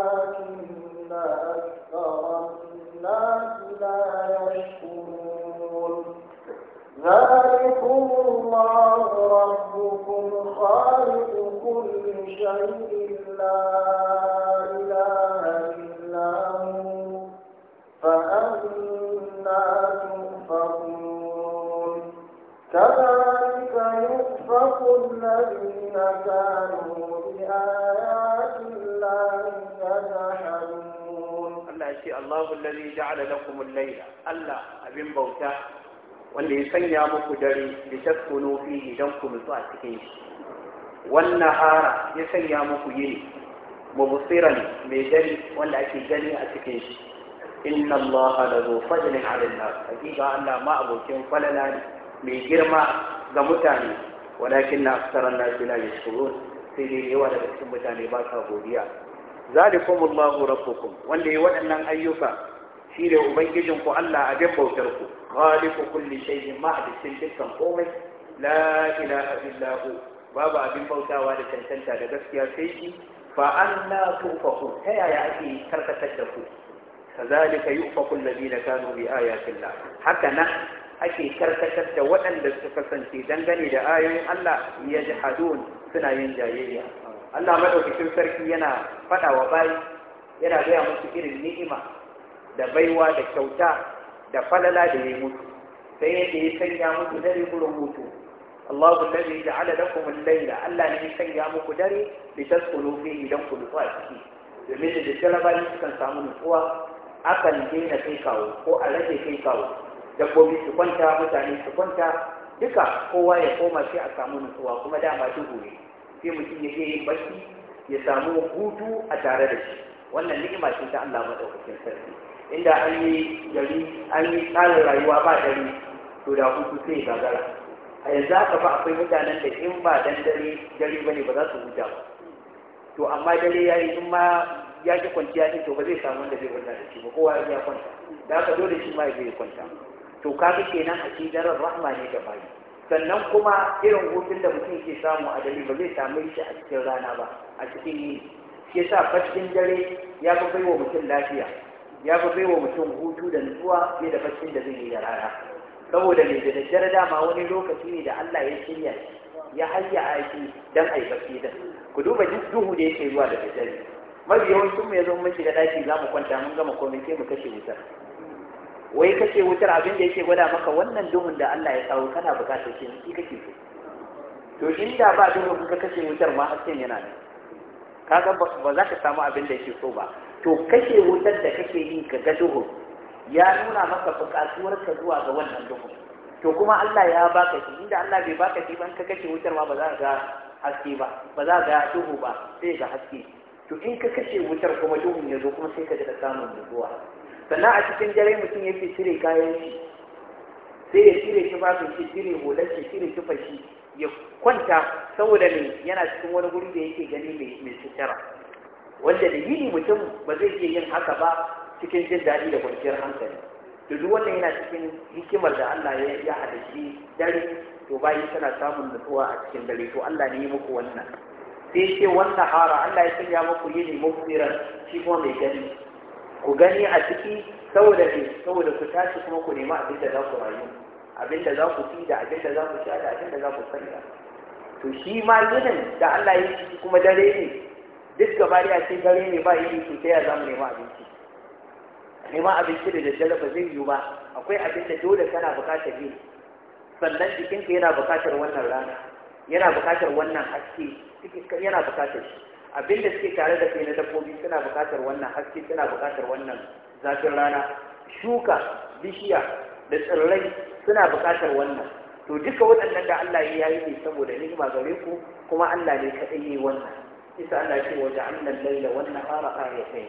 bauta wanda ya sanya muku dare da taskunu fihi don ku mutu a cikin shi wannan hara ya sanya muku yini mubsiran mai dare wanda ake gani a cikin shi inna Allah da zo fadlin 'ala hakika Allah ma abokin falala ne mai girma ga mutane walakin na aksaran nasi ya shuru sai dai yawa daga cikin mutane ba sa godiya zalikumullahu rabbukum wanda ya waɗannan ayyuka shi ubangijin ku Allah abin bautar ku khaliqu kulli shay'in ma'alicin dukkan komai la ilaha babu abin bautawa da tantanta da gaskiya sai shi fa anna tufaku ta yaya ake karkatar da ku kazalika yufaku alladhina kanu bi ayati Allah haka nan ake karkatar da waɗanda suka kasance dangane da ayoyin Allah ya ji suna yin jayayya. Allah maɗaukakin sarki yana faɗawa wa yana gaya musu irin ni'ima da baiwa da kyauta da falala da ya mutu sai yadda ya sanya mutu dare gurin mutu Allahu da ja'ala lakum al-layla Allah ne ya sanya muku dare da tasqulu fi idan ku tsaya ciki domin da jalaba ne sukan samu nutsuwa akan daina kai kawo ko a rage kai kawo dabbobi su kwanta mutane su kwanta duka kowa ya koma sai a samu nutsuwa kuma dama duhu ne sai mutum ya yin barci ya samu hutu a tare da shi wannan ni'ima ce ta Allah madaukakin sarki inda an yi gari an yi tsarin rayuwa ba dare to da hutu sai gagara a yanzu haka ba akwai mutanen da in ba dan dare dare bane ba za su huta ba to amma dare ya yi in ma ya ki kwanciya ne to ba zai samu wanda zai kwanta da shi ba kowa ya kwanta da haka dole shi ma zai kwanta to fi kenan a cikin daren rahma ne da bayi sannan kuma irin hutun da mutum ke samu a dare ba zai samu shi a cikin rana ba a cikin yini Ke sa fashin dare ya fi baiwa mutum lafiya ya fi baiwa mutum hutu da nutsuwa fiye da baccin da zai yi da rana saboda mai da daddar dama wani lokaci ne da Allah ya shirya ya hayya aiki dan ai bacci da. ku duba duk duhu da yake zuwa da daddare mafi yawancin mu ya zo mun shiga daki za mu kwanta mun gama komai sai mu kashe wutar wai kashe wutar abin da yake gwada maka wannan duhun da Allah ya kawo kana bukatar shi shi kake so to inda ba duhun ka kashe wutar ma hasken yana Ka kaga ba za ka samu abin da yake so ba to kashe wutar da kake yi ka ga duhu ya nuna maka bukatuwar ka zuwa ga wannan duhu to kuma Allah ya baka shi inda Allah bai baka shi ban ka kashe wutar ma ba za ka ga haske ba ba za ka ga duhu ba sai ga haske to in ka kashe wutar kuma duhun ya zo kuma sai ka da samun nutsuwa sannan a cikin dare mutum yake cire kayan shi sai ya cire shi ba shi cire hular shi cire shi fashi ya kwanta saboda ne yana cikin wani guri da yake gani mai sutura wanda da yini mutum ba zai iya yin haka ba cikin jin daɗi da kwanciyar hankali da duk wannan yana cikin hikimar da Allah ya ya hadashi dare to bayi tana samun nutsuwa a cikin dare to Allah ne ya muku wannan sai ce wannan hara Allah ya sanya muku yini mufsiran shi kuma mai gani ku gani a ciki saboda ne saboda ku tashi kuma ku nemi abin da za ku rayu abin da za ku fi, da abin da za ku sha da abin da za ku sanya to shi ma yinin da Allah ya yi kuma dare ne duk gaba da ce dare ne ba yi su ta a zamu nema abinci nema abinci da daddare ba zai yiwu ba akwai abin da dole kana buƙatar yi sannan jikinka yana buƙatar wannan rana yana buƙatar wannan haske yana bukatar shi abin da suke tare da kai na dabbobi suna buƙatar wannan haske suna buƙatar wannan zafin rana shuka bishiya da tsirrai suna buƙatar wannan to duka waɗannan da Allah ya yi ne saboda ni'ima gare ku kuma Allah ne kaɗai yi wannan تسألنا شيء وجعلنا الليل والنهار آيتين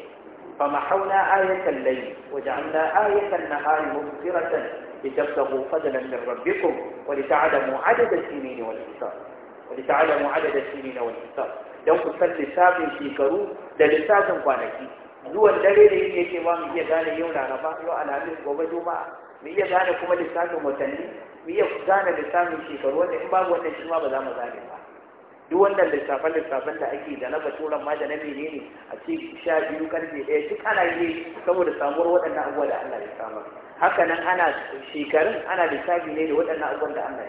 فمحونا آية الليل وجعلنا آية النهار مبصرة لتبتغوا فضلا من ربكم ولتعلموا عدد السنين والحساب ولتعلموا عدد السنين والحساب لو كنت لساب في كرو لساب قانتي هو الدليل اللي يجي وام هي قال يوم العرباء يو على عمل قبضوا ما هي قال كم لساب متني هي قال لساب في كرو لإنبا وتشوا بلا مزاجي duk wannan littafan littafan da ake da na baturan ma da na menene a ce sha biyu karfe ɗaya duk ana yi saboda samuwar waɗannan abubuwa da Allah ya samar haka nan ana shekarun ana lissafi ne da waɗannan abubuwan da Allah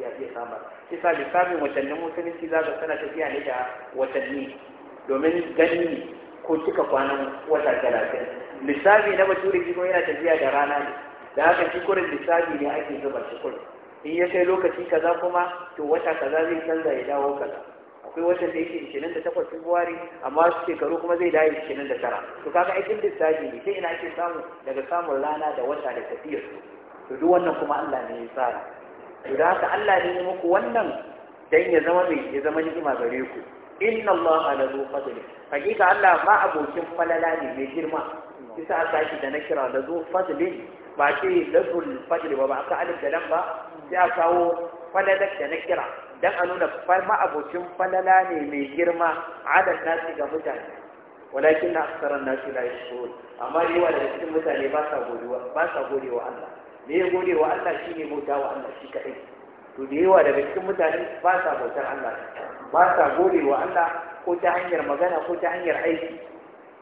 ya ya samar shi sa lissafin watannin musulunci za ka sana tafiya ne da watanni domin gani ko cika kwanan wata talatin lissafi na bature kuma yana tafiya da rana ne da haka shi kurin lissafi ne ake zuba shi kurin in ya kai lokaci kaza kuma to wata kaza zai canza ya dawo kaza akwai wata da yake ishirin da takwas februari amma wasu shekaru kuma zai dawo ishirin da tara to kaga aikin lissafi ne sai ina ake samu daga samun rana da wata da tafiyar su to duk wannan kuma Allah ne ya tsara to da haka Allah ne ya muku wannan dan ya zama mai ya zama ni'ima gare ku inna Allah ala zu fadli hakika Allah ma abokin falala ne mai girma isa a sashi da na kira da zu fadli ba ce lazul fadli ba ba aka alif da lam ba sai a kawo falalar da na kira don a nuna ma'abocin falala ne mai girma adal nasi ga mutane walakin na asarar nasi la yashkurun amma yawa daga cikin mutane ba sa godewa ba sa godewa Allah me ya godewa Allah shine bauta wa Allah shi kadai to da yawa daga cikin mutane ba sa bautar Allah ba sa godewa Allah ko ta hanyar magana ko ta hanyar aiki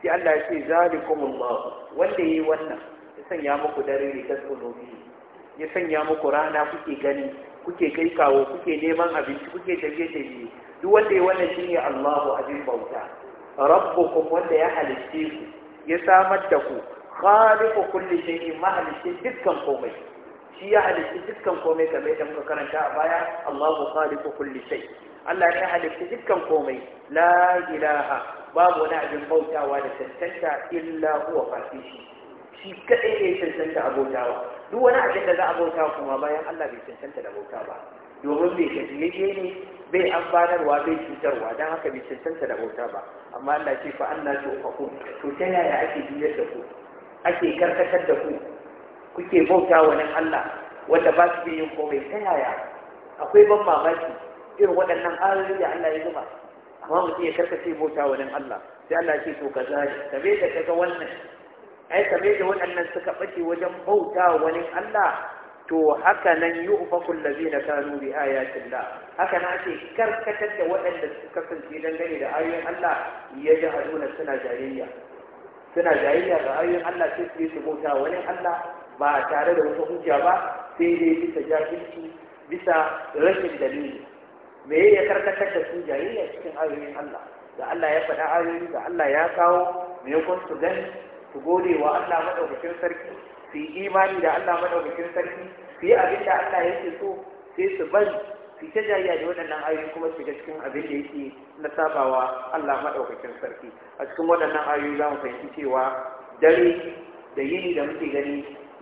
sai Allah ya ce zalikumullah wanda yayi wannan ya sanya muku dare ne tasbuhu bihi ya sanya muku rana kuke gani kuke kai kawo kuke neman abinci kuke tafiye tafiye duk wanda ya wannan ne Allahu abin bauta rabbukum wanda ya halitte ku ya samar da ku khaliqu kulli shay'in mahalice dukkan komai shi ya halitta dukkan komai kamar yadda muka karanta a baya Allahu khaliqu kulli shay Allah ya halitta dukkan komai la ilaha babu wani abin bautawa da tantanta illa huwa fashi shi kadai ne tantanta abotawa duk wani abin da za a bauta kuma bayan Allah bai cancanta da bauta ba domin bai gajiyayye ne bai amfanarwa bai cutarwa don haka bai cancanta da bauta ba amma Allah ce fa Allah ce ku to ta yaya ake juyar da ku ake karkatar da ku kuke bauta wa nan Allah wanda ba su yin komai ta yaya akwai ban mamaki irin waɗannan ayoyi da Allah ya zuba amma mutum ya karkace bauta wa nan Allah sai Allah ce to ka kaza Ka bai da kaga wannan ai kame da waɗannan suka ɓace wajen bauta wani Allah to haka nan yi ufakun zai na kanu bi ayatin da haka na ake karkatar da waɗanda suka kasance dangane da ayoyin Allah ya ji haruna suna jayayya suna jayayya ga ayoyin Allah sai su yi su bauta wani Allah ba tare da wata hujja ba sai dai bisa jahilci bisa rashin dalili me ya karkatar da su jayayya cikin ayoyin Allah da Allah ya faɗa ayoyi da Allah ya kawo me kun su gani su gode wa Allah madaukakin sarki su yi imani da Allah madaukakin sarki su yi abin da Allah yake so sai su bar su ta jayya da waɗannan ayoyi kuma su cikin abin da yake na sabawa Allah madaukakin sarki a cikin waɗannan ayoyi za mu fahimci cewa dare da yini da muke gani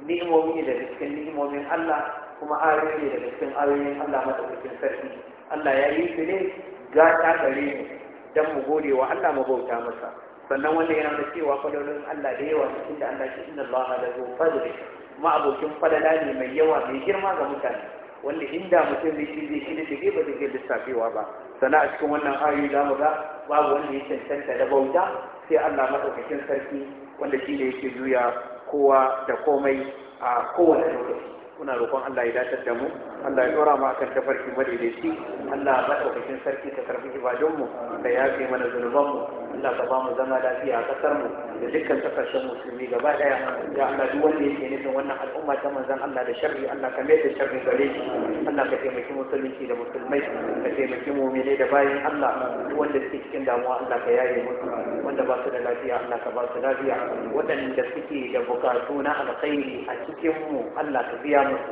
ni'imomi ne daga cikin ni'imomin Allah kuma ayoyi ne daga cikin ayoyin Allah madaukakin sarki Allah ya yi su ne ga ta gare mu dan mu gode wa Allah mu bauta masa sannan wanda yana da cewa fadolin Allah da yawa cikin da Allah shi inna Allah la zu fadli kuma abokin fadala ne mai yawa mai girma ga mutane wanda inda mutum zai shi zai shi da shige ba zai lissafewa ba sannan a cikin wannan ayoyi za mu ga babu wanda ya cancanta da bauta sai Allah madaukakin sarki wanda shi ne yake juya kowa da komai a kowane lokaci muna roƙon Allah ya dace da mu Allah ya dora mu akan tafarki madaidaici Allah madaukakin sarki ka karbi ibadunmu da yafe mana zunubanmu Allah ka ba mu zama lafiya a kasar mu da dukkan kasashen musulmi gaba ɗaya ya Allah duk wanda yake nufin wannan al'umma ta manzan Allah da sharri Allah ka mai da sharri gare shi Allah ka taimaki musulunci da musulmai ka taimaki mu'mini da bayin Allah duk wanda suke cikin damuwa Allah ka yaye musu wanda ba su da lafiya Allah ka ba su lafiya waɗanda suke da bukatu na alkhairi a cikin mu Allah ka biya musu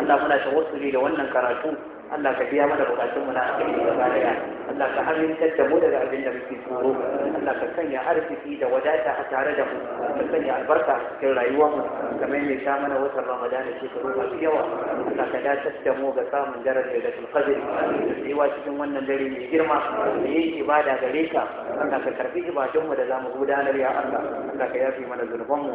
Allah muna tawassuli da wannan karatu Allah ka biya mana bukatun mu na alheri gaba daya Allah ka amintar da mu daga abin da muke tsoro Allah ka sanya arziki da wadata a tare da mu ka sanya albarka a cikin rayuwar mu kamar mai sha mana watan Ramadan da shekaru masu yawa Allah ka dace da mu ga samun darajar da tulqadir da tsayuwa cikin wannan dare mai girma da yin ibada gare ka Allah ka karbi ibadun mu da zamu gudanar ya Allah Allah ka yafi mana zunuban mu